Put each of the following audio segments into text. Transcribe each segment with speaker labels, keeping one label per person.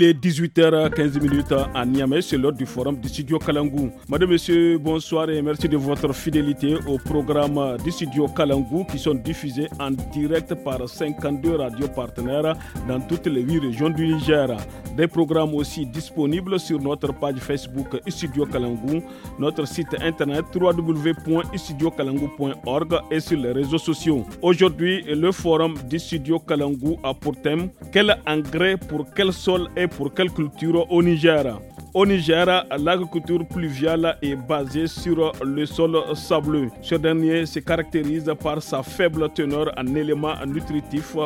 Speaker 1: Il est 18h15 à Niamey, c'est l'heure du forum du studio Kalangou. Madame, Monsieur, bonsoir et merci de votre fidélité au programme du studio Kalangou qui sont diffusés en direct par 52 radios partenaires dans toutes les 8 régions du Niger. Des programmes aussi disponibles sur notre page Facebook Studio Kalangou, notre site internet www.studiokalangou.org et sur les réseaux sociaux. Aujourd'hui, le forum du studio Kalangou a pour thème Quel engrais pour quel sol est pour quelle culture au Niger au Niger, l'agriculture pluviale est basée sur le sol sableux. Ce dernier se caractérise par sa faible teneur en éléments nutritifs.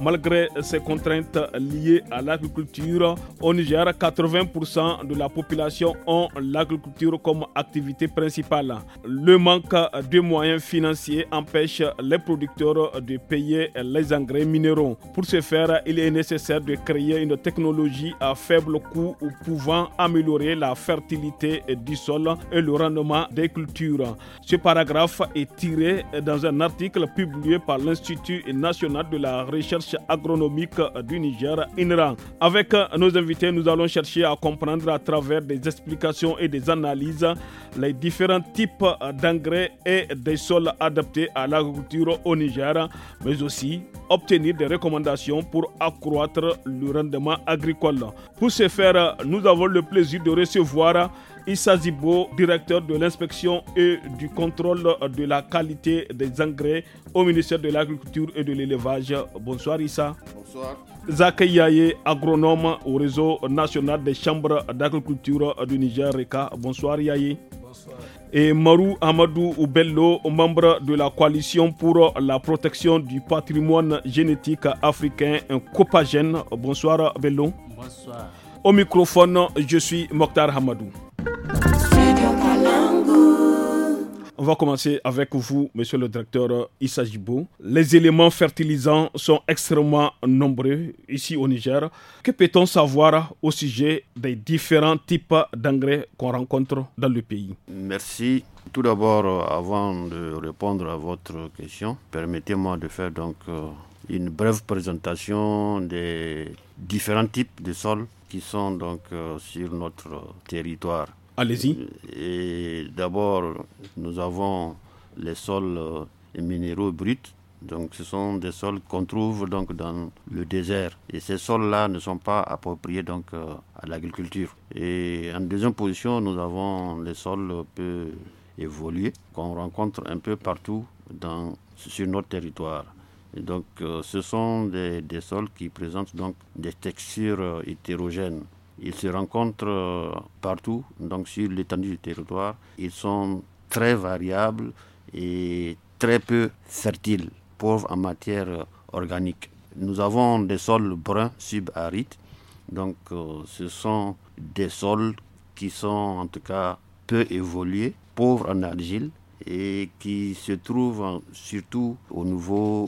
Speaker 1: Malgré ses contraintes liées à l'agriculture, au Niger, 80% de la population ont l'agriculture comme activité principale. Le manque de moyens financiers empêche les producteurs de payer les engrais minéraux. Pour ce faire, il est nécessaire de créer une technologie à faible coût pouvant améliorer la fertilité du sol et le rendement des cultures. Ce paragraphe est tiré dans un article publié par l'Institut national de la recherche agronomique du Niger, INRA. Avec nos invités, nous allons chercher à comprendre à travers des explications et des analyses les différents types d'engrais et des sols adaptés à l'agriculture au Niger, mais aussi obtenir des recommandations pour accroître le rendement agricole. Pour ce faire, nous avons le plaisir de recevoir Issa Zibo, directeur de l'inspection et du contrôle de la qualité des engrais au ministère de l'Agriculture et de l'Élevage. Bonsoir Issa. Bonsoir. Zaka Yaye, agronome au réseau national des chambres d'agriculture du Niger, RECA. Bonsoir Yaye. Bonsoir. Et Marou Amadou Oubello, membre de la coalition pour la protection du patrimoine génétique africain, un copagène. Bonsoir Bello. Bonsoir. Au microphone, je suis Mokhtar Hamadou. On va commencer avec vous, monsieur le directeur Issa Les éléments fertilisants sont extrêmement nombreux ici au Niger. Que peut-on savoir au sujet des différents types d'engrais qu'on rencontre dans le pays
Speaker 2: Merci. Tout d'abord, euh, avant de répondre à votre question, permettez-moi de faire donc euh, une brève présentation des différents types de sols qui sont donc euh, sur notre territoire. Allez-y. Et d'abord, nous avons les sols euh, minéraux bruts. Donc, ce sont des sols qu'on trouve donc dans le désert. Et ces sols-là ne sont pas appropriés donc euh, à l'agriculture. Et en deuxième position, nous avons les sols peu évolués qu'on rencontre un peu partout dans, sur notre territoire donc, euh, ce sont des, sols qui présentent donc des textures euh, hétérogènes. Ils se rencontrent euh, partout, donc sur l'étendue du territoire. Ils sont très variables et très peu fertiles, pauvres en matière organique. Nous avons des sols bruns subarides, donc ce sont des sols qui sont en tout cas peu évolués, pauvres en argile et qui se trouvent surtout au niveau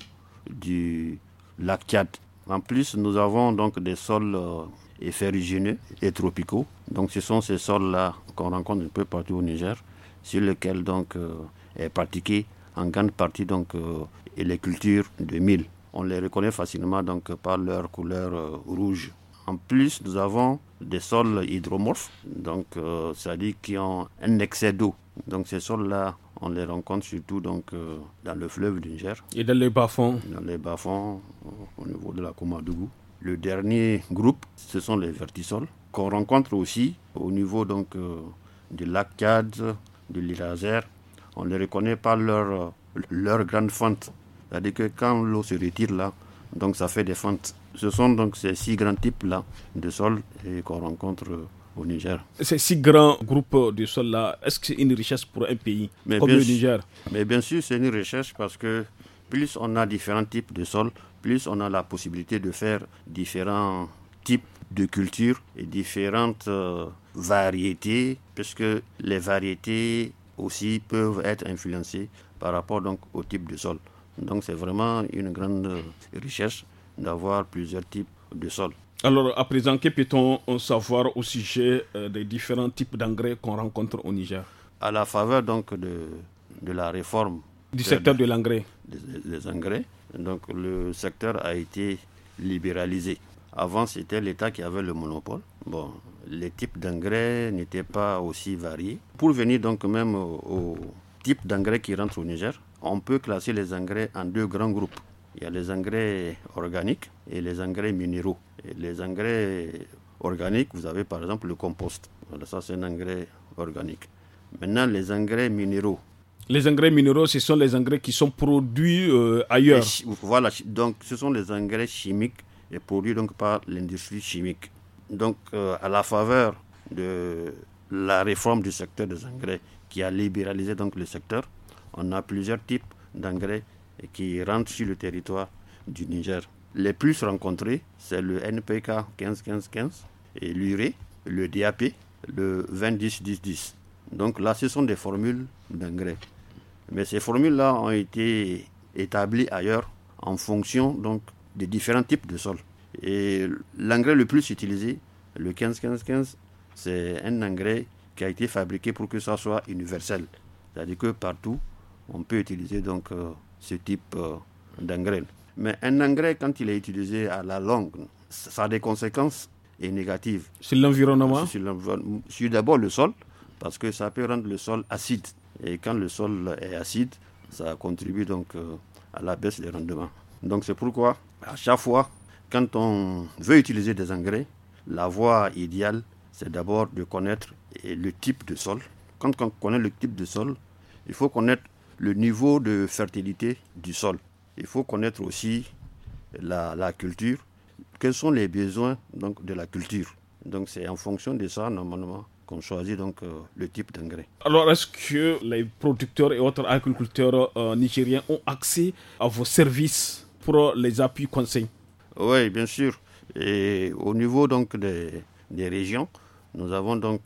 Speaker 2: du lac Tchad. En plus, nous avons donc des sols euh, et tropicaux. Donc ce sont ces sols-là qu'on rencontre un peu partout au Niger, sur lesquels donc euh, est pratiquée en grande partie donc euh, les cultures de mille. On les reconnaît facilement donc par leur couleur rouge. En plus, nous avons des sols hydromorphes, donc c'est-à-dire qui ont un excès d'eau. Donc ces sols-là, on les rencontre surtout donc, euh, dans le fleuve du Niger. Et dans les bas-fonds Dans les bas-fonds, euh, au niveau de la Koumadougou. Le dernier groupe, ce sont les vertisols, qu'on rencontre aussi au niveau donc, euh, du lac de l'Iraser. On les reconnaît pas leur, leur grande fente. C'est-à-dire que quand l'eau se retire là, donc ça fait des fentes. Ce sont donc ces six grands types là de sols qu'on rencontre au Niger.
Speaker 1: Ces six grands groupes
Speaker 2: de sol-là, est-ce que c'est une richesse pour un pays comme le Niger Mais bien sûr, c'est une richesse parce que plus on a différents types de sols, plus on a la possibilité de faire différents types de cultures et différentes euh, variétés, puisque les variétés aussi peuvent être influencées par rapport donc au type de sol. Donc c'est vraiment une grande euh, richesse d'avoir plusieurs types de sols.
Speaker 1: Alors, à présent, que peut-on euh, savoir au sujet euh, des différents types d'engrais qu'on
Speaker 2: rencontre au Niger À la faveur donc de, la réforme du secteur de, l'engrais. engrais. Donc, le secteur a été libéralisé. Avant, c'était l'État qui avait le monopole. Bon, les types d'engrais n'étaient pas aussi variés. Pour venir donc même au, au type d'engrais qui rentre au Niger, on peut classer les engrais en deux grands groupes. Il y a les engrais organiques et les engrais minéraux les engrais organiques, vous avez par exemple le compost. ça, c'est un engrais organique. Maintenant, les engrais minéraux.
Speaker 1: Les engrais minéraux, ce sont les engrais qui sont produits
Speaker 2: euh, ailleurs. voilà, donc ce sont les engrais chimiques et produits donc par l'industrie chimique. Donc, euh, à la faveur de la réforme du secteur des engrais qui a libéralisé donc le secteur, on a plusieurs types d'engrais qui rentrent sur le territoire du Niger les plus rencontrés, c'est le NPK 15-15-15 et l'URE, le DAP, le 20 10 10 Donc là, ce sont des formules d'engrais. Mais ces formules-là ont été établies ailleurs en fonction donc, des différents types de sols. Et l'engrais le plus utilisé, le 15-15-15, c'est un engrais qui a été fabriqué pour que ça soit universel. C'est-à-dire que partout, on peut utiliser donc euh, ce type euh, d'engrais. Mais un engrais, quand il est utilisé à la longue, ça a des conséquences et négatives. Sur l'environnement Sur d'abord le sol, parce que ça peut rendre le sol acide. Et quand le sol est acide, ça contribue donc euh, à la baisse des rendements. Donc c'est pourquoi, à chaque fois, quand on veut utiliser des engrais, la voie idéale, c'est d'abord de connaître le type de sol. Quand on connaît le type de sol, il faut connaître le niveau de fertilité du sol il faut connaître aussi la, culture. Quels sont les besoins donc, de la culture Donc c'est en fonction de ça, normalement, qu'on choisit donc euh, le type d'engrais.
Speaker 1: Alors est-ce que les producteurs et autres agriculteurs euh, nigériens ont accès à vos services pour euh, les appuis conseils
Speaker 2: Oui, bien sûr. Et au niveau donc des, régions, nous avons donc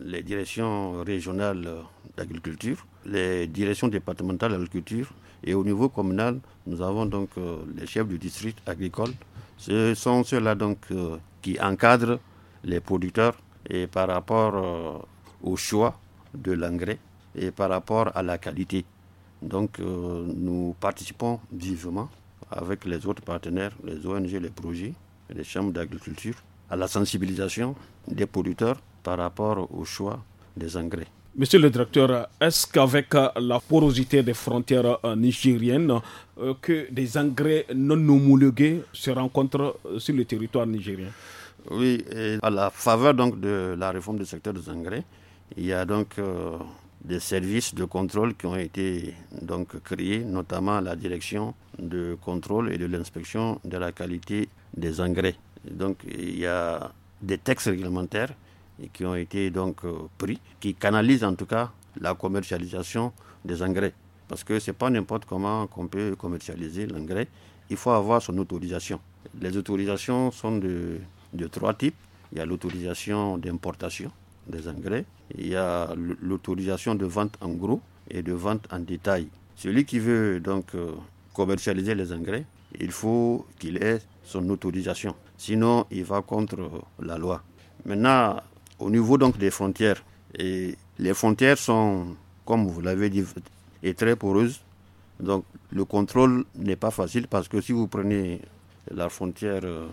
Speaker 2: les directions régionales d'agriculture, les directions départementales d'agriculture, et au niveau communal, nous avons donc euh, les chefs du district agricole. Ce sont ceux-là donc euh, qui encadrent les producteurs et par rapport euh, au choix de l'engrais et par rapport à la qualité. Donc nous participons vivement avec les autres partenaires, les ONG, les projets, les chambres d'agriculture, à la sensibilisation des producteurs par rapport au choix des engrais.
Speaker 1: Monsieur le directeur, est-ce qu'avec euh, la porosité des frontières euh, nigériennes, euh, que des engrais non homologués se rencontrent sur le territoire
Speaker 2: nigérien Oui, à la faveur de la réforme du secteur des engrais, il y a donc des services de contrôle qui ont été donc créés, notamment la direction de contrôle et de l'inspection de la qualité des engrais. Donc il y a des textes réglementaires et qui ont été donc euh, pris, qui canalisent en tout cas la commercialisation des engrais. Parce que ce n'est pas n'importe comment qu'on peut commercialiser l'engrais. Il faut avoir son autorisation. Les autorisations sont de, de trois types. Il y a l'autorisation d'importation des engrais, il y a l'autorisation de vente en gros et de vente en détail. Celui qui veut donc euh, commercialiser les engrais, il faut qu'il ait son autorisation. Sinon, il va contre euh, la loi. Maintenant, au niveau donc des frontières, et les frontières sont, comme vous l'avez dit, très poreuses. Donc le contrôle n'est pas facile parce que si vous prenez la frontière euh,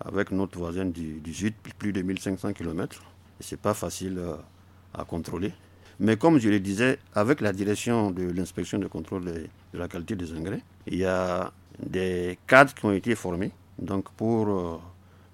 Speaker 2: avec notre voisin du, du sud, plus de 1500 km, n'est pas facile euh, à contrôler. Mais comme je le disais, avec la direction de l'inspection de contrôle de, de, la qualité des engrais, il y a des cadres qui ont été formés donc pour euh,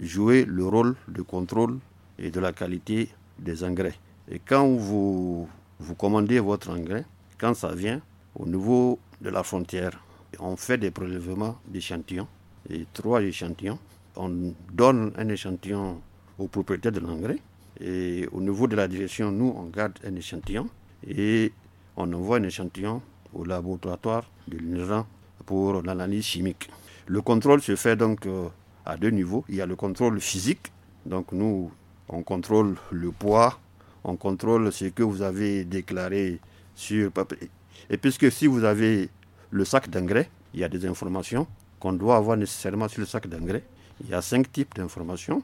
Speaker 2: jouer le rôle de contrôle et de la qualité des engrais. Et quand vous, vous commandez votre engrais, quand ça vient au niveau de la frontière, on fait des prélèvements d'échantillons, et trois échantillons. On donne un échantillon aux propriétaires de l'engrais, et au niveau de la direction, nous, on garde un échantillon, et on envoie un échantillon au laboratoire de l'INRAN pour l'analyse chimique. Le contrôle se fait donc euh, à deux niveaux. Il y a le contrôle physique, donc nous, on contrôle le poids, on contrôle ce que vous avez déclaré sur papier. Et puisque si vous avez le sac d'engrais, il y a des informations qu'on doit avoir nécessairement sur le sac d'engrais. Il y a cinq types d'informations.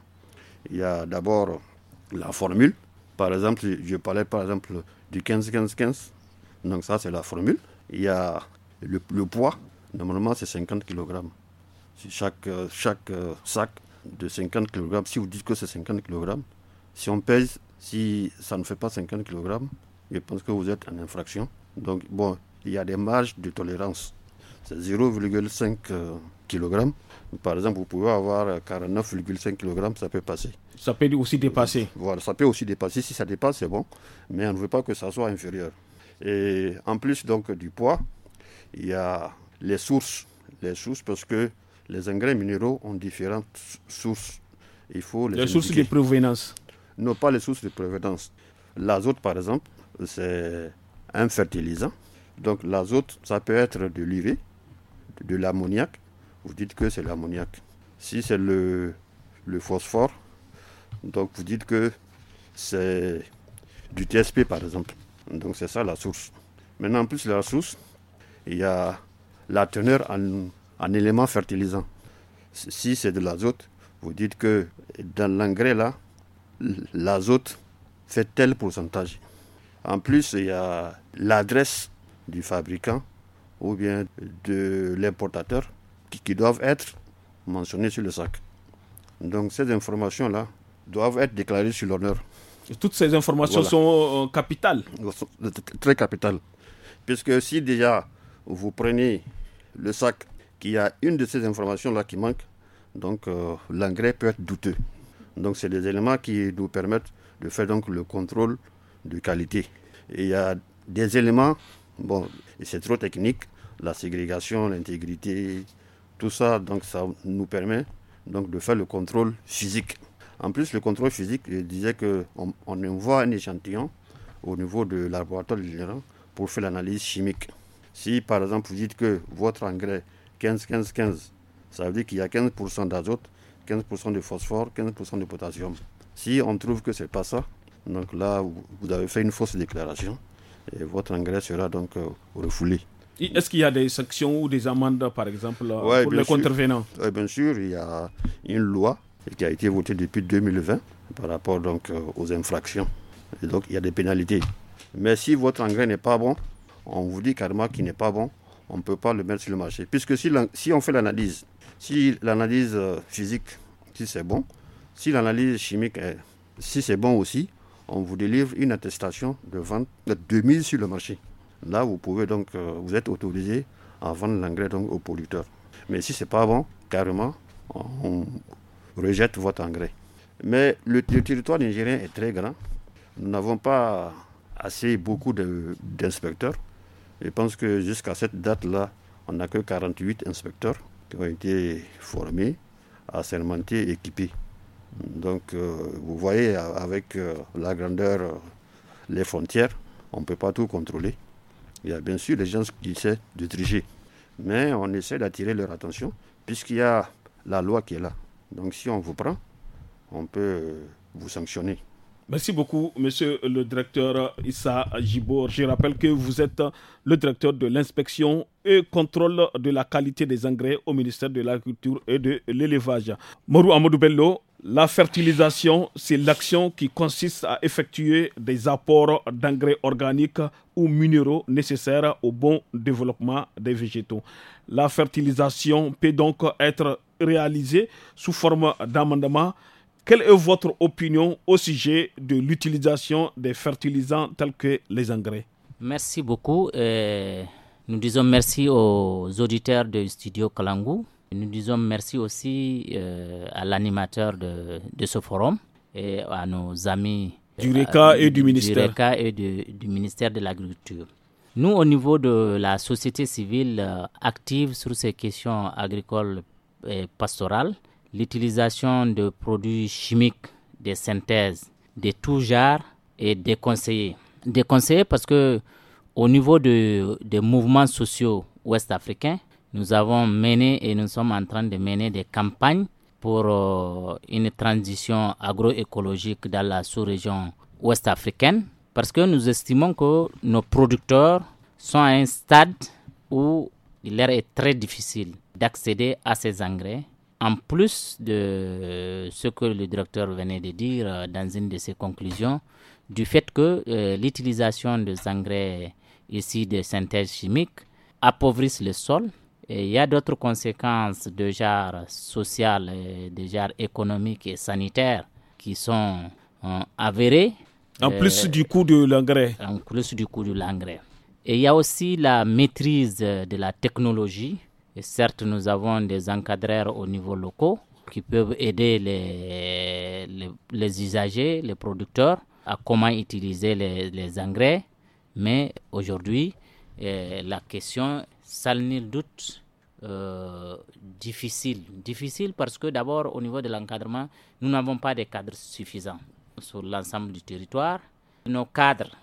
Speaker 2: Il y a d'abord la formule. Par exemple, je parlais par exemple du 15-15-15. Donc ça, c'est la formule. Il y a le, poids. Normalement, c'est 50 kg. Chaque, euh, chaque euh, sac de 50 kg, si vous dites que c'est 50 kg, si on pèse, si ça ne fait pas 50 kg, je pense que vous êtes en infraction. Donc, bon, il y a des marges de tolérance. C'est 0,5 euh, kg. Par exemple, vous pouvez avoir 49,5 kg, ça peut passer. Ça peut aussi dépasser. Voilà, ça peut aussi dépasser. Si ça dépasse, c'est bon. Mais on ne veut pas que ça soit inférieur. Et en plus donc du poids, il y a les sources. Les sources parce que les engrais minéraux ont différentes sources. Il faut les, les sources de provenance n'ont pas les sources de prévenance L'azote, par exemple, c'est un fertilisant. Donc l'azote, ça peut être de l'urée, de l'ammoniac. Vous dites que c'est l'ammoniac. Si c'est le, le phosphore, donc vous dites que c'est du TSP, par exemple. Donc c'est ça la source. Maintenant, en plus de la source, il y a la teneur en, en éléments fertilisants. Si c'est de l'azote, vous dites que dans l'engrais là, l'azote fait tel pourcentage. En plus, il y a l'adresse du fabricant ou bien de l'importateur qui, doivent être mentionnées sur le sac. Donc ces informations-là doivent être déclarées sur l'honneur.
Speaker 1: Toutes ces informations
Speaker 2: sont euh, capitales Très capitales. Puisque si déjà vous prenez le sac qui a une de ces informations-là qui manque, donc euh, l'engrais peut être douteux. Donc c'est des éléments qui nous permettent de faire donc le contrôle de qualité. Et il y a des éléments, bon, c'est trop technique, la ségrégation, l'intégrité, tout ça, donc ça nous permet donc de faire le contrôle physique. En plus, le contrôle physique, je disais qu'on on envoie un échantillon au niveau de laboratoire général pour faire l'analyse chimique. Si par exemple vous dites que votre engrais 15-15-15, ça veut dire qu'il y a 15% d'azote 15% de phosphore, 15% de potassium. Si on trouve que ce n'est pas ça, donc là, vous avez fait une fausse déclaration et votre engrais sera donc euh, refoulé. Est-ce qu'il y a des sanctions
Speaker 1: ou des amendes, par exemple, euh, pour les contrevenants
Speaker 2: oui, Bien sûr, il y a une loi qui a été votée depuis 2020 par rapport donc euh, aux infractions. Et donc, il y a des pénalités. Mais si votre engrais n'est pas bon, on vous dit carrément qu'il n'est pas bon, on ne peut pas le mettre sur le marché. Puisque si on fait l'analyse si l'analyse euh, physique, si c'est bon, si l'analyse chimique, est, si c'est bon aussi, on vous délivre une attestation de vente de 2000 sur le marché. Là, vous pouvez donc, euh, vous êtes autorisé à vendre l'engrais donc au producteurs. Mais si c'est pas bon, carrément, on rejette votre engrais. Mais le territoire nigérien est très grand. Nous n'avons pas assez beaucoup d'inspecteurs. Je pense que jusqu'à cette date-là, on n'a que 48 inspecteurs qui ont été formés, assermentés, équipés. Donc, euh, vous voyez, avec euh, la grandeur, euh, les frontières, on ne peut pas tout contrôler. Il y a bien sûr les gens qui essaient de tricher, mais on essaie d'attirer leur attention, puisqu'il y a la loi qui est là. Donc, si on vous prend, on peut vous sanctionner.
Speaker 1: Merci beaucoup, monsieur le directeur Issa Gibor. Je rappelle que vous êtes le directeur de l'inspection et contrôle de la qualité des engrais au ministère de l'Agriculture et de l'Élevage. Morou Amadou Bello, la fertilisation, c'est l'action qui consiste à effectuer des apports d'engrais organiques ou minéraux nécessaires au bon développement des végétaux. La fertilisation peut donc être réalisée sous forme d'amendement quelle est votre opinion au sujet de l'utilisation des fertilisants tels que les engrais
Speaker 3: Merci beaucoup. Euh, nous disons merci aux auditeurs du studio Kalangou. Nous disons merci aussi euh, à l'animateur de, ce forum et à nos amis euh, du RECA et du ministère. du ministère de l'Agriculture. Nous, au niveau de la société civile active sur ces questions agricoles et pastorales, l'utilisation de produits chimiques, des synthèses, de tout genre est déconseillée. Déconseillée parce que au niveau de, des mouvements sociaux ouest-africains, nous avons mené et nous sommes en train de mener des campagnes pour euh, une transition agroécologique dans la sous-région ouest-africaine parce que nous estimons que nos producteurs sont à un stade où il leur est très difficile d'accéder à ces engrais en plus de ce que le directeur venait de dire euh, dans une de ses conclusions, du fait que euh, l'utilisation des engrais ici de synthèse chimique appauvrisse le sol. Et il y a d'autres conséquences de genre social, de genre économique et sanitaire qui sont euh, avérées. En plus du coût de l'engrais. En plus du coût de l'engrais. Et il y a aussi la maîtrise de la technologie certes, nous avons des encadreurs au niveau local qui peuvent aider les, usagers, les producteurs à comment utiliser les, engrais. Mais aujourd'hui, eh, la question, sans nul doute, euh, difficile. Difficile parce que d'abord, au niveau de l'encadrement, nous n'avons pas de cadres suffisants sur l'ensemble du territoire. Nos cadres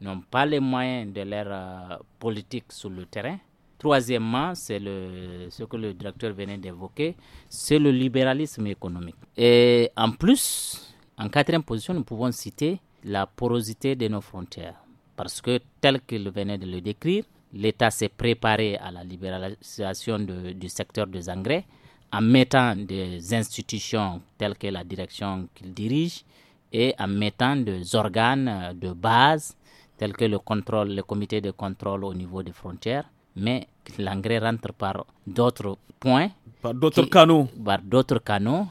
Speaker 3: n'ont pas les moyens de leur euh, politique sur le terrain. Troisièmement, c'est ce que le directeur venait d'évoquer, c'est le libéralisme économique. Et en plus, en quatrième position, nous pouvons citer la porosité de nos frontières. Parce que, tel qu'il venait de le décrire, l'État s'est préparé à la libéralisation du secteur des engrais en mettant des institutions telles que la direction qu'il dirige et en mettant des organes de base tels que le contrôle, le comité de contrôle au niveau des frontières mais l'engrais rentre par d'autres points. Par d'autres canaux. Par d'autres canaux.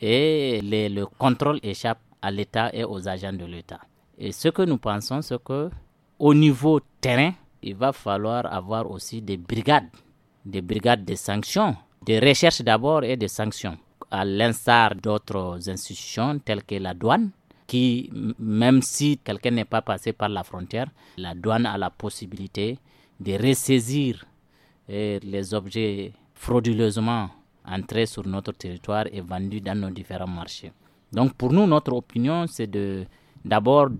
Speaker 3: Et le contrôle échappe à l'État et aux agents de l'État. Et ce que nous pensons, c'est que au niveau terrain, il va falloir avoir aussi des brigades, des brigades de sanctions, de recherches d'abord et de sanctions, à l'instar d'autres institutions telles que la douane, qui, même si quelqu'un n'est pas passé par la frontière, la douane a la possibilité de ressaisir eh, les objets frauduleusement entrés sur notre territoire et vendus dans nos différents marchés. Donc pour nous, notre opinion, c'est d'abord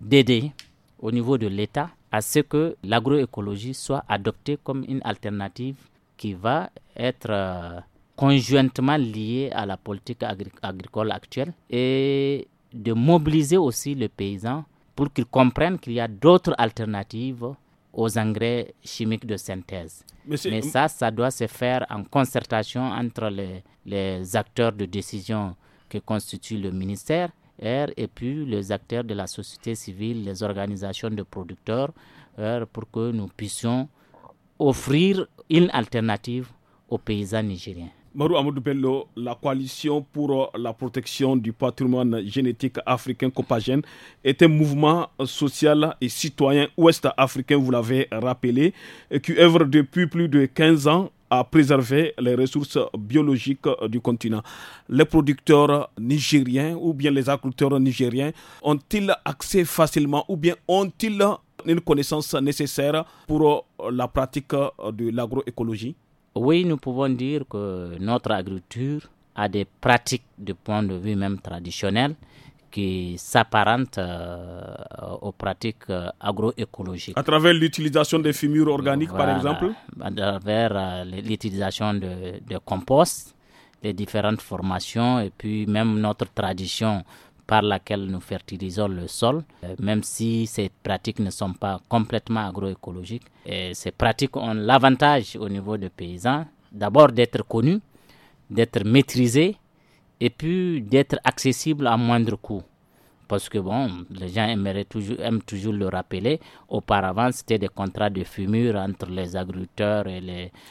Speaker 3: d'aider au niveau de l'État à ce que l'agroécologie soit adoptée comme une alternative qui va être euh, conjointement liée à la politique agricole actuelle et de mobiliser aussi le paysan pour qu'il comprenne qu'il y a d'autres alternatives aux engrais chimiques de synthèse. Mais ça, ça doit se faire en concertation entre les, les acteurs de décision que constitue le ministère et puis les acteurs de la société civile, les organisations de producteurs, pour que nous puissions offrir une alternative aux paysans nigériens.
Speaker 1: Marou Amadou Bello, la coalition pour euh, la protection du patrimoine génétique africain copagène est un mouvement social et citoyen ouest-africain, vous l'avez rappelé, qui œuvre depuis plus de 15 ans à préserver les ressources biologiques du continent. Les producteurs nigériens ou bien les agriculteurs nigériens ont-ils accès facilement ou bien ont-ils une connaissance nécessaire pour euh, la pratique de
Speaker 3: l'agroécologie oui, nous pouvons dire que notre agriculture a des pratiques de point de vue même traditionnel qui s'apparentent euh, aux pratiques euh, agroécologiques. À travers
Speaker 1: l'utilisation des fumures organiques, par exemple
Speaker 3: À travers euh, l'utilisation de, de, compost, les différentes formations et puis même notre tradition par laquelle nous fertilisons le sol, euh, même si ces pratiques ne sont pas complètement agroécologiques. Et ces pratiques ont l'avantage au niveau des paysans, d'abord d'être connues, d'être maîtrisées et puis d'être accessibles à moindre coût. Parce que bon, les gens toujours, aiment toujours le rappeler. Auparavant, c'était des contrats de fumure entre les agriculteurs et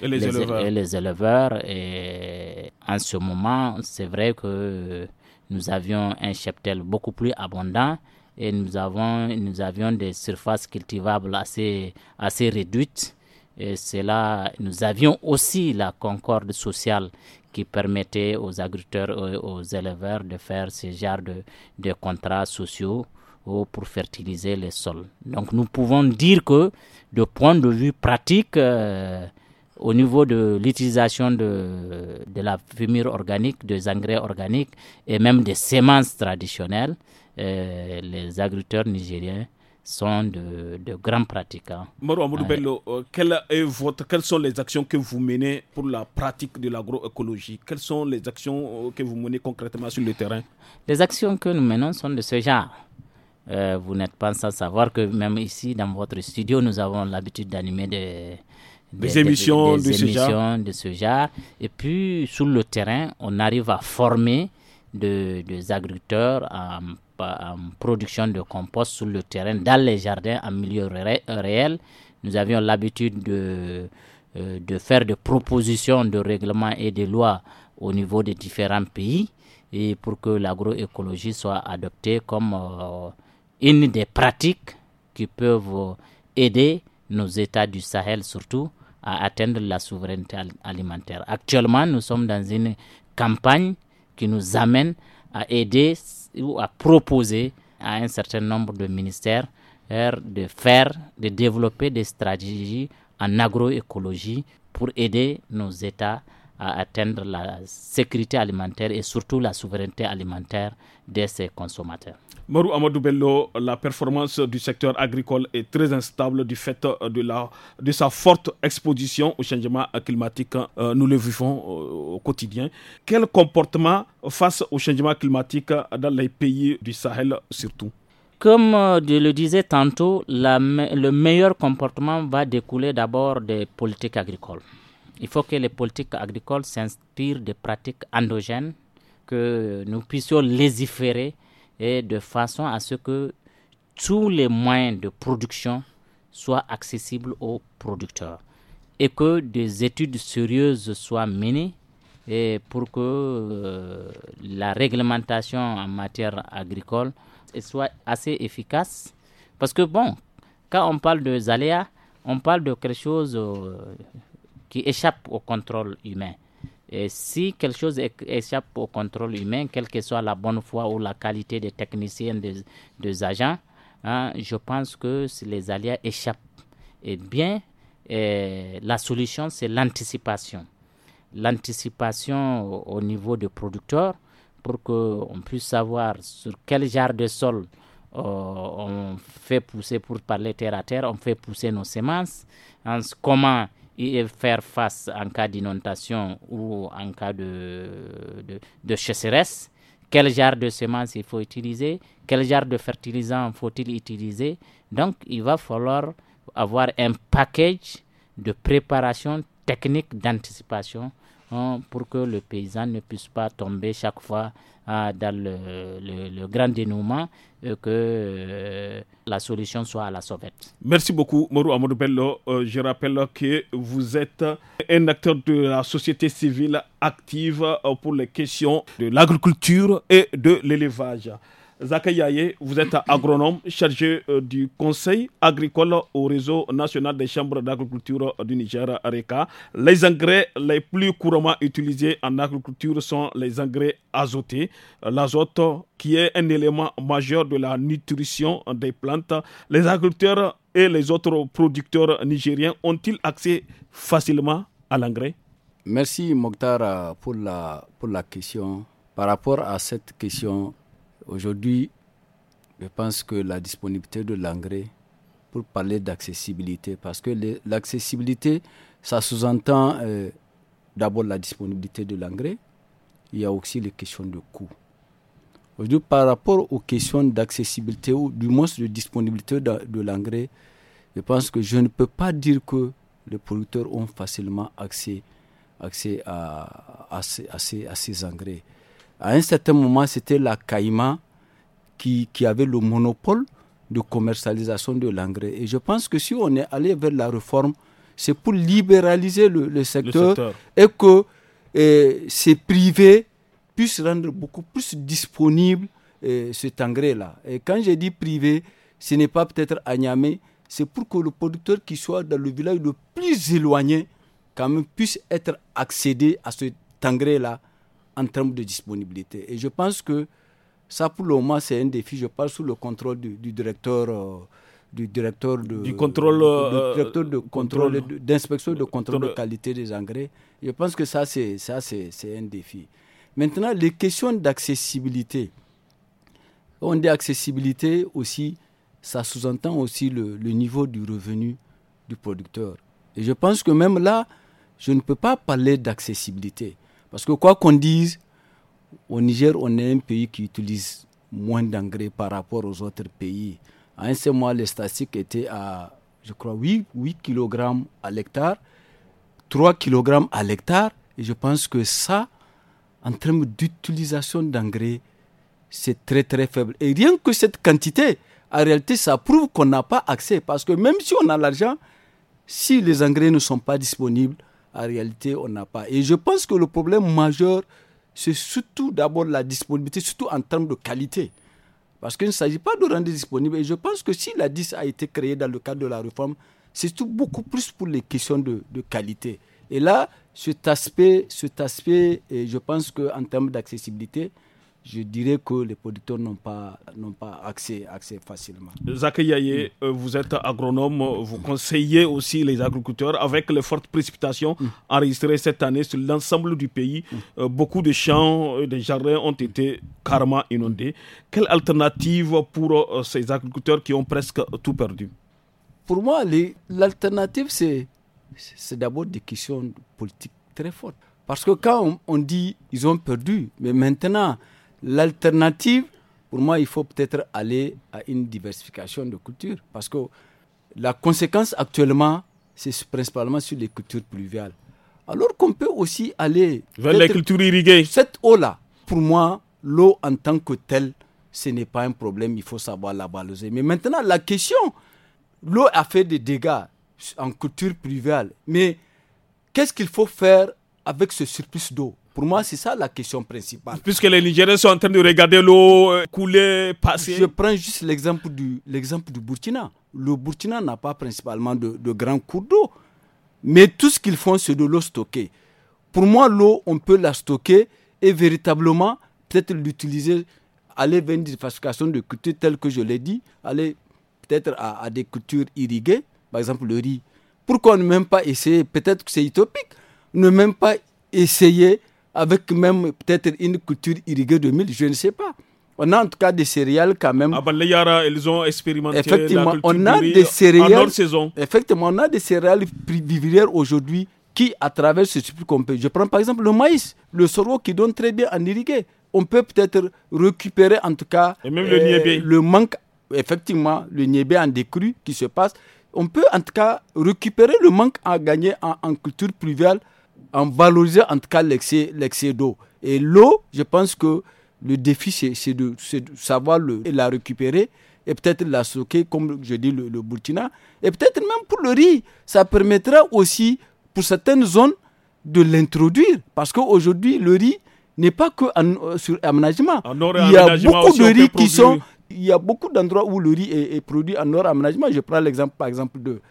Speaker 3: les éleveurs. Et les éleveurs. Et en ce moment, c'est vrai que nous avions un cheptel beaucoup plus abondant et nous, avons, nous avions des surfaces cultivables assez, assez réduites. Et cela, nous avions aussi la concorde sociale qui permettait aux agriculteurs et aux éleveurs de faire ce genre de, contrats sociaux pour fertiliser les sols. Donc nous pouvons dire que, de point de vue pratique, euh, au niveau de l'utilisation de, de, la fumure organique, des engrais organiques et même des semences traditionnelles, euh, les agriculteurs nigériens sont de, de grands pratiquants. Bello,
Speaker 1: euh, est votre, quelles sont les actions que vous menez pour la pratique de l'agroécologie Quelles sont les actions euh, que vous menez
Speaker 3: concrètement sur le terrain Les actions que nous menons sont de ce genre. vous n'êtes pas sans savoir que même ici, dans votre studio, nous avons l'habitude d'animer des
Speaker 1: des, émissions, de,
Speaker 3: ce genre. Et puis, sur le terrain, on arrive à former des agriculteurs en, production de compost sur le terrain, dans les jardins, en milieu réel. Nous avions l'habitude de, euh, de faire des propositions de règlements et de lois au niveau des différents pays et pour que l'agroécologie soit adoptée comme euh, une des pratiques qui peuvent aider nos États du Sahel surtout à atteindre la souveraineté alimentaire. Actuellement, nous sommes dans une campagne qui nous amène à aider ou à proposer à un certain nombre de ministères euh, de faire, de développer des stratégies en agroécologie pour aider nos États à atteindre la sécurité alimentaire et surtout la souveraineté alimentaire de ses consommateurs.
Speaker 1: Marou Amadou Bello, la performance du secteur agricole est très instable du fait de, la, de sa forte exposition au changement climatique. Euh, nous le vivons euh, au quotidien. Quel comportement face au changement climatique dans les pays du Sahel surtout
Speaker 3: comme euh, je le disais tantôt, le meilleur comportement va découler d'abord des politiques agricoles. Il faut que les politiques agricoles s'inspirent des pratiques endogènes, que nous puissions légiférer et de façon à ce que tous les moyens de production soient accessibles aux producteurs et que des études sérieuses soient menées et pour que euh, la réglementation en matière agricole soit assez efficace. Parce que bon, quand on parle de aléas, on parle de quelque chose euh, qui échappent au contrôle humain. Et si quelque chose échappe au contrôle humain, quelle que soit la bonne foi ou la qualité des techniciens, des, agents, hein, je pense que si les aléas échappent, eh bien, la solution, c'est l'anticipation. L'anticipation au, niveau des producteurs pour qu'on puisse savoir sur quel genre de sol euh, on fait pousser, pour parler terre à terre, on fait pousser nos semences, hein, comment et faire face en cas d'inondation ou en cas de, de, quel genre de semences il faut utiliser, quel genre de fertilisant faut-il utiliser. Donc, il va falloir avoir un package de préparation technique d'anticipation Hein, pour que le paysan ne puisse pas tomber chaque fois ah, dans le, grand dénouement et euh, que euh, la solution soit à la sauvette.
Speaker 1: Merci beaucoup, Mourou Amadou Bello. Euh, je rappelle que vous êtes un acteur de la société civile active pour les questions de l'agriculture et de l'élevage. Zakayaye, vous êtes agronome chargé euh, du conseil agricole au réseau national des chambres d'agriculture euh, du Niger, RECA. Les engrais les plus couramment utilisés en agriculture sont les engrais azotés. L'azote qui est un élément majeur de la nutrition des plantes. Les agriculteurs et les autres producteurs nigériens ont-ils accès facilement
Speaker 4: à l'engrais Merci Mokhtar pour la question. Par rapport à cette question, Aujourd'hui, je pense que la disponibilité de l'engrais, pour parler d'accessibilité, parce que l'accessibilité, ça sous-entend euh, d'abord la disponibilité de l'engrais, il y a aussi les questions de coût. Aujourd'hui, par rapport aux questions d'accessibilité ou du moins de disponibilité de, l'engrais, je pense que je ne peux pas dire que les producteurs ont facilement accès, à ces, engrais. À un certain moment, c'était la Caïma qui, avait le monopole de commercialisation de l'engrais. Et je pense que si on est allé vers la réforme, c'est pour libéraliser le, secteur, et que eh, ces privés puissent rendre beaucoup plus disponible eh, cet engrais-là. Et quand je dis privé, ce n'est pas peut-être à Niamey, c'est pour que le producteur qui soit dans le village le plus éloigné, quand même, puisse être accédé à ce engrais-là en termes de disponibilité. Et je pense que ça, pour le moment, c'est un défi. Je parle sous le contrôle du, du directeur. Euh, du directeur de du contrôle du euh, directeur de contrôle d'inspection de contrôle de qualité des engrais je pense que ça c'est ça c'est un défi maintenant les questions d'accessibilité on dit accessibilité aussi ça sous-entend aussi le niveau du revenu du producteur et je pense que même là je ne peux pas parler d'accessibilité parce que quoi qu'on dise, au Niger, on est un pays qui utilise moins d'engrais par rapport aux autres pays. En un seul mois, les statistiques étaient à, je crois, 8, 8 kg à l'hectare, 3 kg à l'hectare. Et je pense que ça, en termes d'utilisation d'engrais, c'est très très faible. Et rien que cette quantité, en réalité, ça prouve qu'on n'a pas accès. Parce que même si on a l'argent, si les engrais ne sont pas disponibles, en réalité, on n'a pas. Et je pense que le problème majeur, c'est surtout d'abord la disponibilité, surtout en termes de qualité. Parce qu'il ne s'agit pas de rendre disponible. Et je pense que si la dis a été créée dans le cadre de la réforme, c'est surtout beaucoup plus pour les questions de, qualité. Et là, cet aspect, cet aspect et je pense qu'en termes d'accessibilité, je dirais que les producteurs n'ont pas, n'ont pas accès, accès facilement. Zaké
Speaker 1: Yaye, euh, vous êtes agronome, vous conseillez aussi les agriculteurs avec les fortes précipitations mm. enregistrées cette année sur l'ensemble du pays. Mm. Euh, beaucoup de champs, euh, de jardins ont été carrément inondés. Quelle alternative pour ces agriculteurs qui ont presque
Speaker 4: tout perdu Pour moi, l'alternative, c'est, c'est d'abord des questions politiques très fortes. Parce que quand on, on dit ils ont perdu, mais maintenant, L'alternative, pour moi, il faut peut-être aller à une diversification de culture. parce que la conséquence actuellement, c'est principalement sur les cultures pluviales. Alors qu'on peut aussi aller vers les cultures irriguées. Cette eau-là, pour moi, l'eau en tant que telle, ce n'est pas un problème, il faut savoir la baloser. Mais maintenant, la question, l'eau a fait des dégâts en culture pluviale, mais qu'est-ce qu'il faut faire avec ce surplus d'eau pour moi, c'est ça la question principale. Puisque les Nigériens sont en train de regarder l'eau euh, couler, passer. Je prends juste l'exemple du, l'exemple du Burkina. Le Burkina n'a pas principalement de, grands cours d'eau. Mais tout ce qu'ils font, c'est de l'eau stockée. Pour moi, l'eau, on peut la stocker et véritablement peut-être l'utiliser, aller vers une diversification de cultures telles que je l'ai dit, aller peut-être à, des cultures irriguées, par exemple le riz. Pourquoi ne même pas essayer, peut-être que c'est utopique, ne même pas essayer avec même peut-être une culture irriguée de mille, je ne sais pas. On a en tout cas des céréales quand même. Les Yara, ils ont expérimenté Effectivement, on a des céréales, en saison. Effectivement, on a des céréales vivrières aujourd'hui qui, à travers ce type qu'on peut... Je prends par exemple le maïs, le sorgho qui donne très bien en irrigué. On peut peut-être récupérer en tout cas Et même le, euh, manque, effectivement, le niébé en décru qui se passe. On peut en tout cas récupérer le manque à gagner en culture pluviale en valorisant en tout cas l'excès d'eau. Et l'eau, je pense que le défi, c'est de, de, savoir le, la récupérer et peut-être la stocker, comme je dis, le, le Et peut-être même pour le riz, ça permettra aussi, pour certaines zones, de l'introduire. Parce qu'aujourd'hui, le riz n'est pas que euh, sur aménagement. il y a beaucoup de riz qui sont... Il y a beaucoup d'endroits où le riz est, est produit en hors aménagement. Je prends l'exemple, par exemple, de,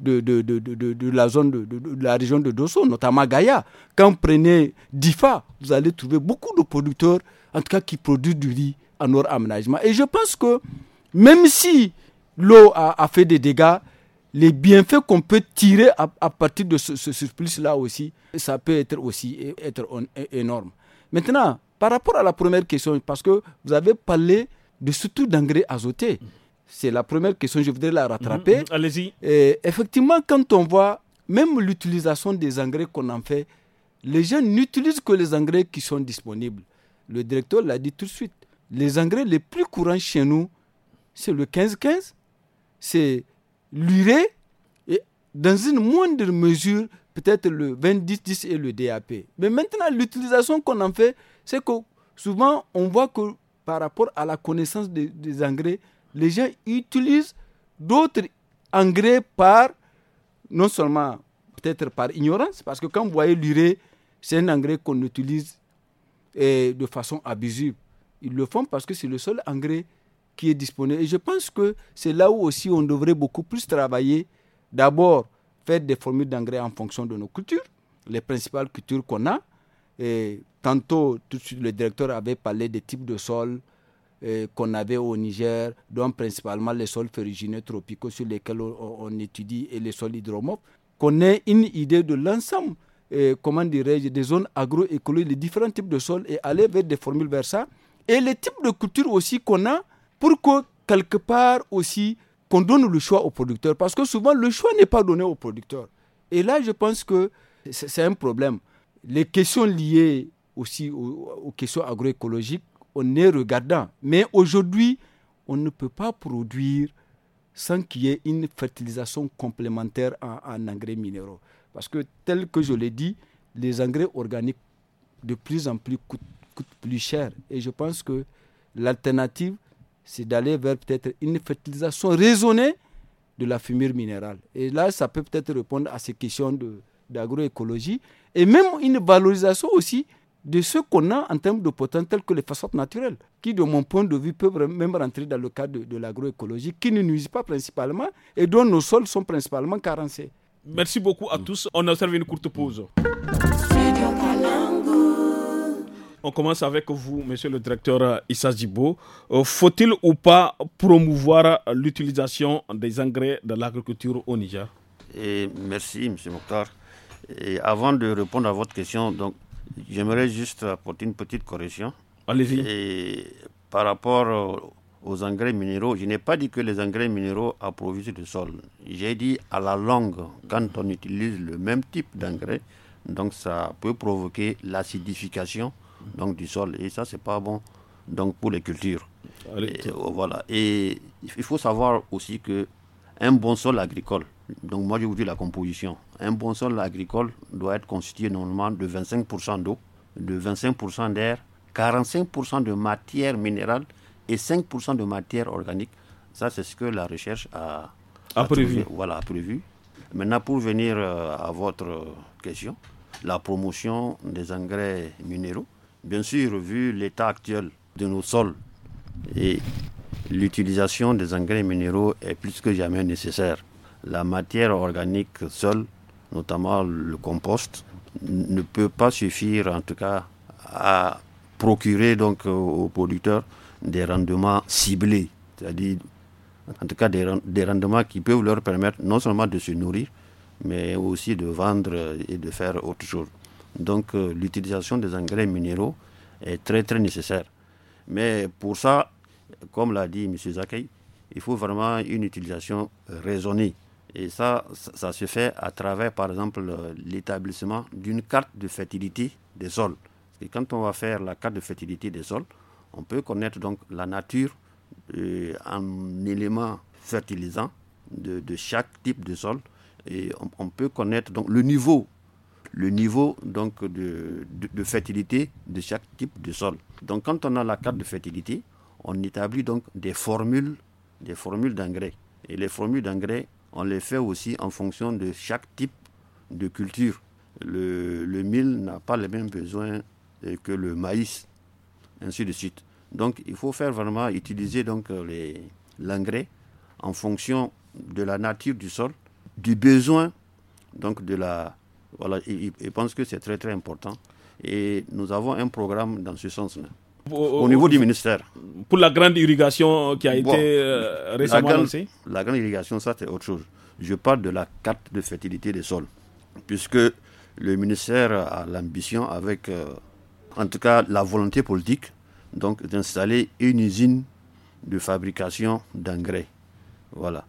Speaker 4: de, de, la zone de, la région de Dosso, notamment Gaïa. Quand vous prenez Difa, vous allez trouver beaucoup de producteurs, en tout cas qui produisent du riz en hors aménagement. Et je pense que même si l'eau a, fait des dégâts, les bienfaits qu'on peut tirer à, partir de ce, surplus-là aussi, ça peut être aussi être énorme. Maintenant, par rapport à la première question, parce que vous avez parlé de surtout d'engrais azotés c'est la première question, je voudrais la rattraper. Mhm. Allez-y. Euh, effectivement, quand on voit même l'utilisation des engrais qu'on en fait, les gens n'utilisent que les engrais qui sont disponibles. Le directeur l'a dit tout de suite. Les engrais les plus courants chez nous, c'est le 15-15, c'est l'urée, et dans une moindre mesure, peut-être le 20-10-10 et le DAP. Mais maintenant, l'utilisation qu'on en fait, c'est que souvent, on voit que par rapport à la connaissance des engrais, les gens utilisent d'autres engrais par, non seulement peut-être par ignorance, parce que quand vous voyez l'urée, c'est un engrais qu'on utilise de façon abusive. Ils le font parce que c'est le seul engrais qui est disponible. Et je pense que c'est là où aussi on devrait beaucoup plus travailler. D'abord, faire des formules d'engrais en fonction de nos cultures, les principales cultures qu'on a. Et tantôt, tout de suite, le directeur avait parlé des types de sols, euh, qu'on avait au Niger, dont principalement les sols ferrugineux tropicaux sur lesquels on, étudie et les sols hydromorphes, qu'on ait une idée de l'ensemble, euh, comment dirais-je, des zones agroécologiques, les différents types de sols et aller vers des formules vers ça. Et les types de cultures aussi qu'on a pour que quelque part aussi qu'on donne le choix aux producteurs. Parce que souvent, le choix n'est pas donné aux producteurs. Et là, je pense que c'est un problème. Les questions liées aussi aux, questions agroécologiques on est regardant. Mais aujourd'hui, on ne peut pas produire sans qu'il y ait une fertilisation complémentaire en, engrais minéraux. Parce que tel que je l'ai dit, les engrais organiques de plus en plus coûtent plus cher. Et je pense que l'alternative, c'est d'aller vers peut-être une fertilisation raisonnée de la fumure minérale. Et là, ça peut peut-être répondre à ces questions d'agroécologie et même une valorisation aussi de ce qu'on a en termes de potentiel que les façades naturelles, qui de mon point de vue peuvent même rentrer dans le cadre de, l'agroécologie, qui ne nuisent pas principalement et dont nos sols sont principalement carencés. Merci beaucoup
Speaker 1: à tous. On observe une courte pause. On commence avec vous, monsieur le directeur Issa Djibo. Euh, faut-il ou pas promouvoir l'utilisation
Speaker 2: des engrais de l'agriculture au Niger et Merci, monsieur Mokhtar. Et avant de répondre à votre question, donc, J'aimerais juste apporter une petite correction. Allez-y. Par rapport aux engrais minéraux, je n'ai pas dit que les engrais minéraux approvisionnent le sol. J'ai dit à la longue, quand on utilise le même type d'engrais, donc ça peut provoquer l'acidification donc du sol et ça n'est pas bon donc pour les cultures. Euh, et il faut savoir aussi que un bon sol agricole donc moi, je vous dis la composition. Un bon sol agricole doit être constitué normalement de 25% d'eau, de 25% d'air, 45% de matière minérale et 5% de matière organique. Ça, c'est ce que la recherche a, prévu. voilà, a prévu. Maintenant, pour venir euh, à votre question, la promotion des engrais minéraux. Bien sûr, vu l'état actuel de nos sols et l'utilisation des engrais minéraux est plus que jamais nécessaire la matière organique seule, notamment le compost, ne peut pas suffire en tout cas à procurer donc aux producteurs des rendements ciblés, c'est-à-dire en tout cas des, rendements qui peuvent leur permettre non seulement de se nourrir, mais aussi de vendre et de faire autre chose. Donc euh, l'utilisation des engrais minéraux est très très nécessaire. Mais pour ça, comme l'a dit M. Zakei, il faut vraiment une utilisation raisonnée. Et ça, ça se fait à travers, par exemple, euh, l'établissement d'une carte de fertilité des sols. Et quand on va faire la carte de fertilité des sols, on peut connaître donc la nature euh, en éléments fertilisants de, de, chaque type de sol. Et on, peut connaître donc le niveau, le niveau donc de, de, de fertilité de chaque type de sol. Donc quand on a la carte de fertilité, on établit donc des formules, des formules d'engrais. Et les formules d'engrais on les fait aussi en fonction de chaque type de culture. Le, le mil n'a pas les mêmes besoins euh, que le maïs, ainsi de suite. Donc il faut faire vraiment utiliser donc euh, l'engrais en fonction de la nature du sol, du besoin donc de la voilà, je pense que c'est très très important et nous avons un programme dans ce sens-là
Speaker 1: au, niveau du ministère. Pour la grande
Speaker 2: irrigation qui a été euh, récemment la La grande irrigation, ça c'est autre chose. Je parle de la carte de fertilité des sols, puisque le ministère a l'ambition, avec euh, en tout cas la volonté politique, donc d'installer une usine de fabrication d'engrais. Voilà.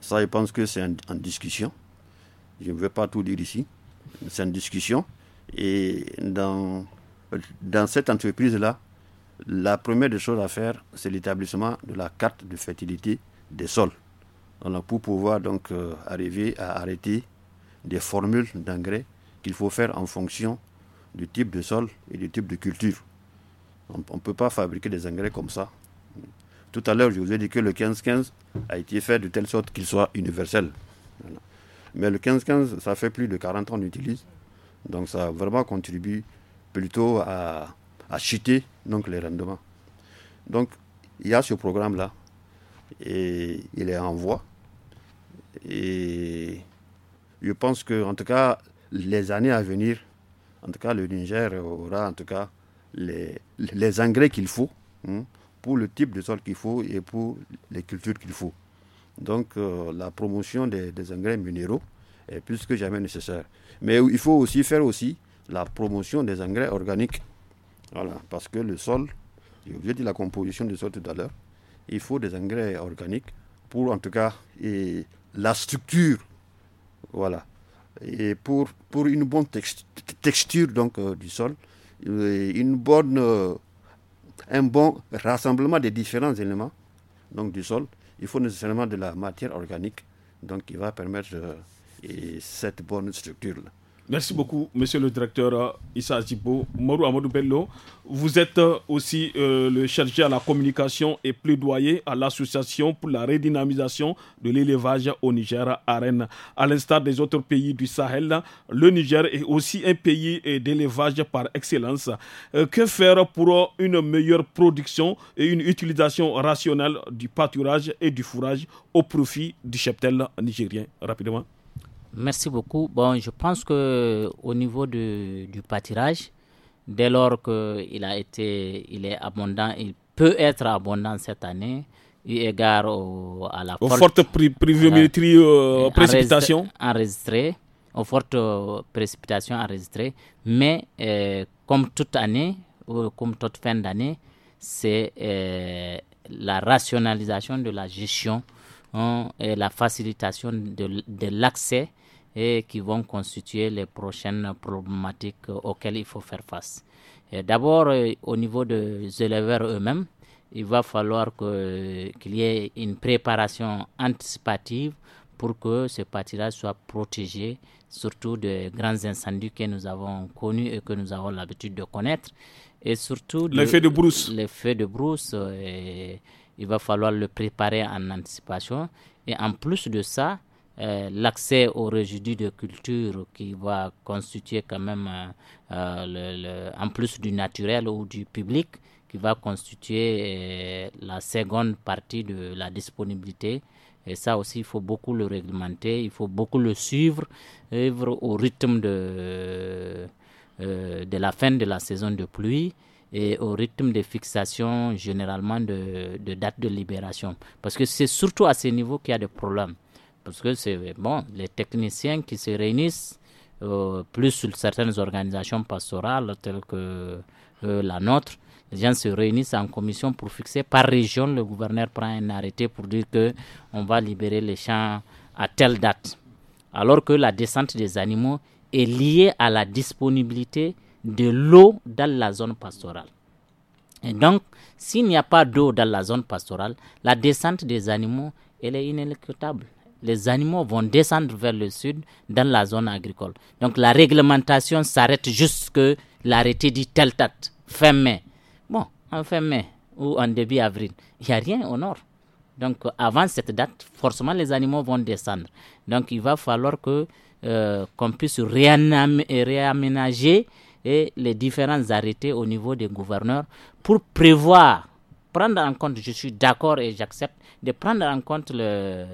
Speaker 2: Ça, je pense que c'est en, discussion. Je ne veux pas tout dire ici. C'est en discussion. Et dans, dans cette entreprise-là, la première des choses à faire, c'est l'établissement de la carte de fertilité des sols. pour pouvoir donc euh, arriver à arrêter des formules d'engrais qu'il faut faire en fonction du type de sol et du type de culture. On ne peut pas fabriquer des engrais comme ça. Tout à l'heure, je vous ai dit que le 15-15 a été fait de telle sorte qu'il soit universel. Mais le 15-15, ça fait plus de 40 ans qu'on l'utilise. Donc ça vraiment contribue plutôt à à chuter donc les rendements. Donc il y a ce programme-là et il est en voie. Et je pense que en tout cas les années à venir, en tout cas le Niger aura en tout cas les, les engrais qu'il faut hein, pour le type de sol qu'il faut et pour les cultures qu'il faut. Donc euh, la promotion des, des, engrais minéraux est plus que jamais nécessaire. Mais il faut aussi faire aussi la promotion des engrais organiques voilà, parce que le sol, j'ai dit la composition du sol tout à l'heure, il faut des engrais organiques pour en tout cas la structure. Voilà. Et pour, une bonne texture donc, euh, du sol, euh, une bonne, euh, un bon rassemblement des différents éléments donc, du sol, il faut nécessairement de la matière organique donc, qui va permettre cette bonne structure-là.
Speaker 1: Merci beaucoup, monsieur le directeur euh, Issa Zibo. Amadou Bello, vous êtes euh, aussi euh, le chargé à la communication et plaidoyer à l'association pour la redynamisation de l'élevage au Niger à Rennes. À l'instar des autres pays du Sahel, le Niger est aussi un pays d'élevage par excellence. que faire pour une meilleure production et une utilisation rationnelle du pâturage et du fourrage au profit du
Speaker 3: cheptel nigérien Rapidement. Merci beaucoup. Bon, je pense que au niveau de, du pâturage, dès lors qu'il a été, il est abondant, il peut être abondant cette année, eu égard à la forte, aux fortes euh, précipitations enregistrées. Mais euh, comme toute année, comme toute fin d'année, c'est euh, la rationalisation de la gestion hein, et la facilitation de, de l'accès et qui vont constituer les prochaines problématiques auxquelles il faut faire face. D'abord, euh, au niveau des éleveurs eux-mêmes, il va falloir qu'il y ait une préparation anticipative pour que ce pâturage soit protégé, surtout des grands incendies que nous avons connus et que nous avons l'habitude de connaître. Et surtout... L'effet de, de brousse. L'effet de brousse, euh, il va falloir le préparer en anticipation. Et en plus de ça, euh, l'accès aux résidus de culture qui va constituer quand même, euh, euh, le, en plus du naturel ou du public, qui va constituer la seconde partie de la disponibilité. Et ça aussi, il faut beaucoup le réglementer, il faut beaucoup le suivre, au rythme de, de la fin de la saison de pluie et au rythme de fixation généralement de, de date de libération. Parce que c'est surtout à ce niveau qu'il y a des problèmes. Parce que c'est bon, les techniciens qui se réunissent euh, plus sur certaines organisations pastorales telles que euh, la nôtre, les gens se réunissent en commission pour fixer par région. Le gouverneur prend un arrêté pour dire que on va libérer les champs à telle date. Alors que la descente des animaux est liée à la disponibilité de l'eau dans la zone pastorale. Et donc, s'il n'y a pas d'eau dans la zone pastorale, la descente des animaux, elle est inéluctable les animaux vont descendre vers le sud dans la zone agricole. Donc la réglementation s'arrête jusque l'arrêté dit telle date, fin mai. Bon, en fin mai ou en début avril, il n'y a rien au nord. Donc avant cette date, forcément les animaux vont descendre. Donc il va falloir que euh, qu'on puisse réaménager et les différents arrêtés au niveau des gouverneurs pour prévoir, prendre en compte, je suis d'accord et j'accepte, de prendre en compte le,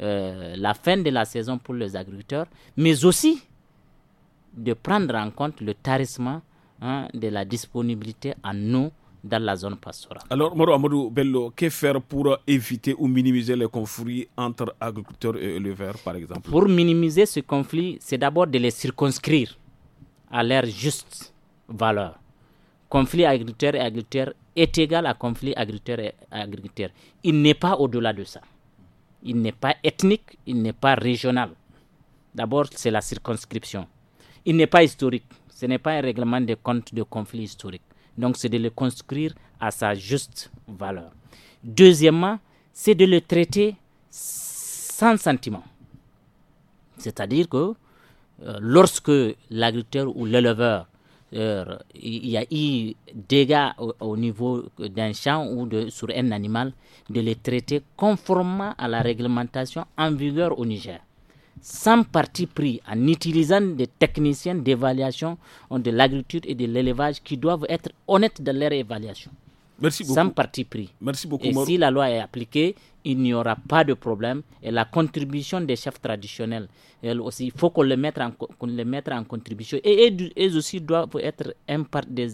Speaker 3: euh, la fin de la saison pour les agriculteurs, mais aussi de prendre en compte le tarissement hein, de la disponibilité en eau dans la zone pastorale.
Speaker 1: Alors, Moro Amadou Bello, que faire pour éviter ou minimiser les conflits entre agriculteurs
Speaker 3: et éleveurs, par exemple Pour minimiser ce conflit, c'est d'abord de les circonscrire à leur juste valeur. Conflit agriculteur et agriculteur est égal à conflit agriculteur et agriculteur. Il n'est pas au-delà de ça il n'est pas ethnique, il n'est pas régional. D'abord, c'est la circonscription. Il n'est pas historique. Ce n'est pas un règlement de compte de conflit historique. Donc, c'est de le construire à sa juste valeur. Deuxièmement, c'est de le traiter sans sentiment. C'est-à-dire que euh, lorsque l'agriculteur ou l'éleveur euh, il y a eu dégâts au, niveau d'un champ ou de, sur un animal, de les traiter conformément à la réglementation en vigueur au Niger sans parti pris, en utilisant des techniciens d'évaluation de l'agriculture et de l'élevage qui doivent être honnêtes dans leur évaluation. Merci beaucoup. sans parti pris. Merci beaucoup. Et si la loi est appliquée, il n'y aura pas de problème. Et la contribution des chefs traditionnels, elle aussi, il faut qu'on les mette en, contribution. Et elles aussi doivent être des,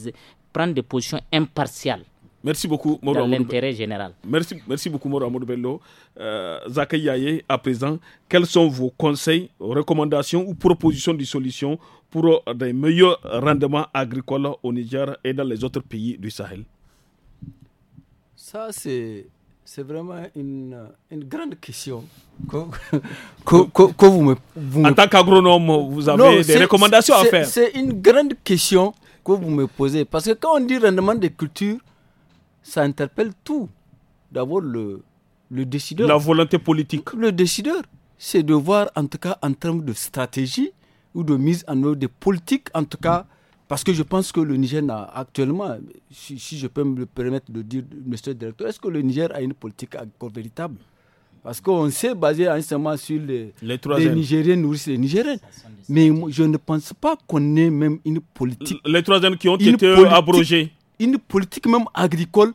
Speaker 3: prendre des positions impartiales. Merci Dans l'intérêt général.
Speaker 1: Merci, merci beaucoup, Moro Bello. Euh, à présent, quels sont vos conseils, recommandations ou propositions de solutions pour euh, des meilleurs rendements agricoles au Niger et dans les autres pays du Sahel
Speaker 4: ça, c'est c'est vraiment une, une, grande question que, vous me... en tant qu'agronome, vous avez des recommandations à faire. C'est une grande question que vous me posez. Parce que quand on dit rendement des cultures, ça interpelle tout. D'abord, le, le décideur. La volonté politique. Le décideur, c'est de voir, en tout cas, en termes de stratégie ou de mise en œuvre des politiques, en tout cas, parce que je pense que le Niger a actuellement, si, je peux me permettre de dire, monsieur le directeur, est-ce que le Niger a une politique agricole véritable Parce qu'on s'est basé en sur les, les, les Nigériens nourrissent les Nigériens. Mais je ne pense pas qu'on ait même une politique. Les
Speaker 1: troisièmes qui ont été abrogés.
Speaker 4: Une politique même agricole,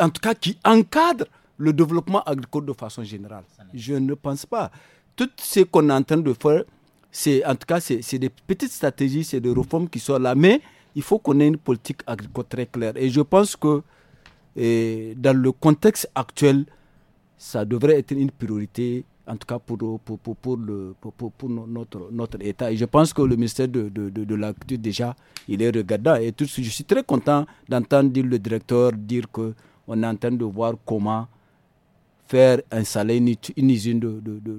Speaker 4: en tout cas qui encadre le développement agricole de façon générale. Je ne pense pas. Tout ce qu'on est en train de faire, c'est en tout cas c'est des petites stratégies, c'est des réformes qui sont là, mais il faut qu'on ait une politique agricole très claire. Et je pense que dans le contexte actuel, ça devrait être une priorité, en tout cas pour, pour, le, pour, notre, notre État. Et je pense que le ministère de, de, de, l'Agriculture, déjà, il est regardant. Et tout, je suis très content d'entendre le directeur dire qu'on est en train de voir comment faire installer une, usine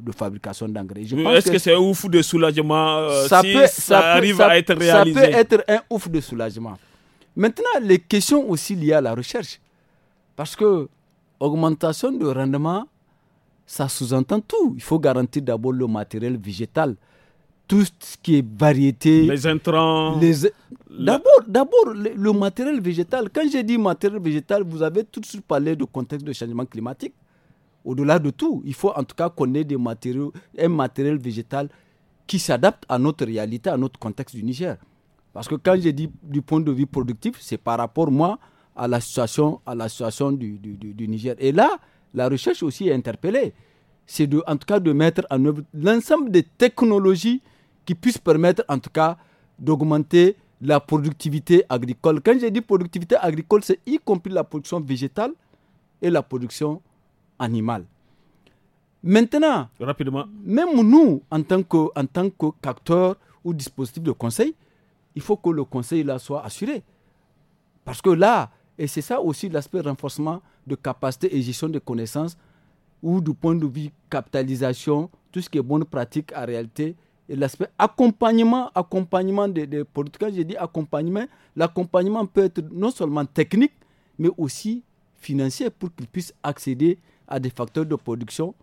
Speaker 4: de, fabrication d'engrais. Est-ce que, c'est un
Speaker 1: ouf de soulagement euh, ça, si ça, arrive à être réalisé Ça peut
Speaker 4: être un ouf de soulagement. Maintenant, les questions aussi liées à la recherche. Parce que augmentation de rendement, ça sous-entend tout. Il faut garantir d'abord le matériel végétal. Tout ce qui est variété. Les intrants. D'abord, d'abord le, le, matériel végétal. Quand j'ai dit matériel végétal, vous avez tout de suite parlé du contexte de changement climatique. Au-delà de tout, il faut en tout cas qu'on ait des matériaux, un matériel végétal qui s'adapte à notre réalité, à notre contexte du Niger. Parce que quand j'ai dit du point de vue productif, c'est par rapport, moi, à la situation, à du, Niger. Et là, la recherche aussi est interpellée. C'est de, en tout cas de mettre en œuvre l'ensemble des technologies qui puissent permettre, en tout cas, d'augmenter la productivité agricole. Quand j'ai dit productivité agricole, c'est y compris la production végétale et la production animal. Maintenant, même nous, en tant que, en tant que qu'acteurs ou dispositif de conseil, il faut que le conseil là soit assuré. Parce que là, et c'est ça aussi l'aspect renforcement de capacité et gestion des connaissances, ou du point de vue capitalisation, tout ce qui est bonne pratique en réalité, et l'aspect accompagnement, accompagnement des, politiques, j'ai dit accompagnement, l'accompagnement peut être non seulement technique, mais aussi financier pour qu'ils puissent accéder à des facteurs de production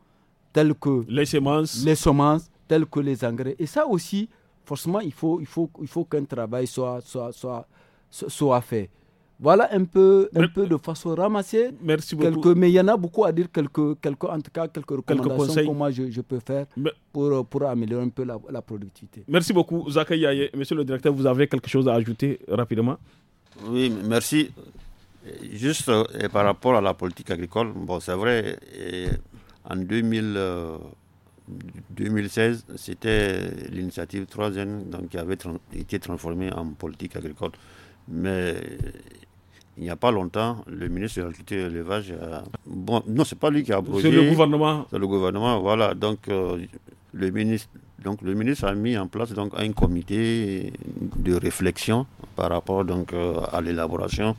Speaker 4: tels que les semences, les semences tels que les engrais. Et ça aussi, forcément, il faut, il faut, il faut qu'un travail soit, soit, soit, fait. Voilà un peu, un peu de façon ramassée. Merci beaucoup. mais il y en a beaucoup à dire, quelques, quelques, en tout cas, quelques recommandations que moi je, peux faire pour, pour améliorer un peu la, productivité.
Speaker 1: Merci beaucoup, Zakaï Monsieur le directeur, vous avez quelque chose à ajouter rapidement
Speaker 2: Oui, merci. Juste euh, par rapport à la politique agricole, bon, c'est vrai, en 2016, euh, c'était l'initiative 3 donc, qui avait été transformée en politique agricole. Mais il n'y a pas longtemps, le ministre de l'Agriculture et de l'Élevage. A... Bon, non, c'est pas lui qui a abrogé. C'est le gouvernement. C'est le gouvernement, voilà. Donc, euh, le ministre. Donc le ministre a mis en place donc un comité de réflexion par rapport donc à l'élaboration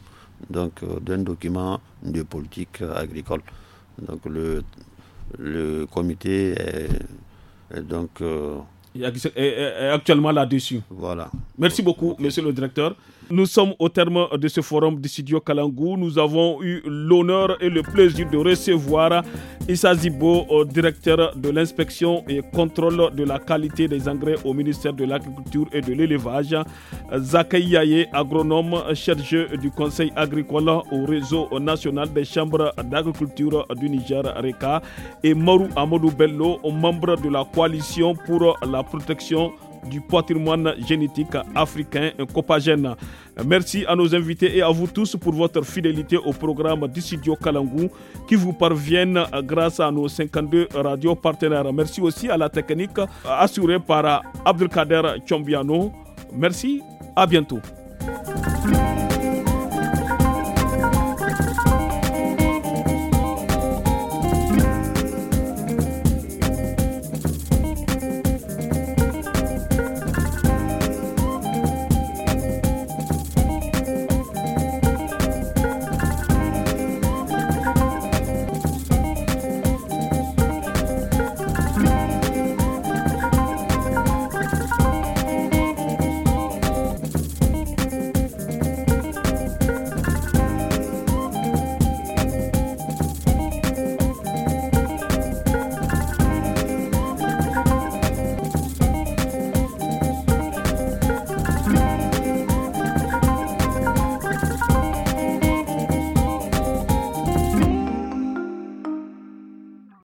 Speaker 2: donc euh, d'un document de politique agricole. Donc le, le comité est, donc euh,
Speaker 1: actuellement là-dessus. Voilà. Merci beaucoup, monsieur le directeur. Nous sommes au terme de ce forum du studio Kalangou. Nous avons eu l'honneur et le plaisir de recevoir Issa Zibo, euh, directeur de l'inspection et contrôle de la qualité des engrais au ministère de l'Agriculture et de l'Élevage, Zakaï Yaye, agronome, chercheur du Conseil agricole au réseau national des chambres d'agriculture du Niger, reka et Maru Amadou Bello, membre de la coalition pour la protection du patrimoine génétique africain copagène. Merci à nos invités et à vous tous pour votre fidélité au programme du studio Kalangou qui vous parviennent grâce à nos 52 radios partenaires. Merci aussi à la technique assurée par Abdelkader Chombiano. Merci, à bientôt.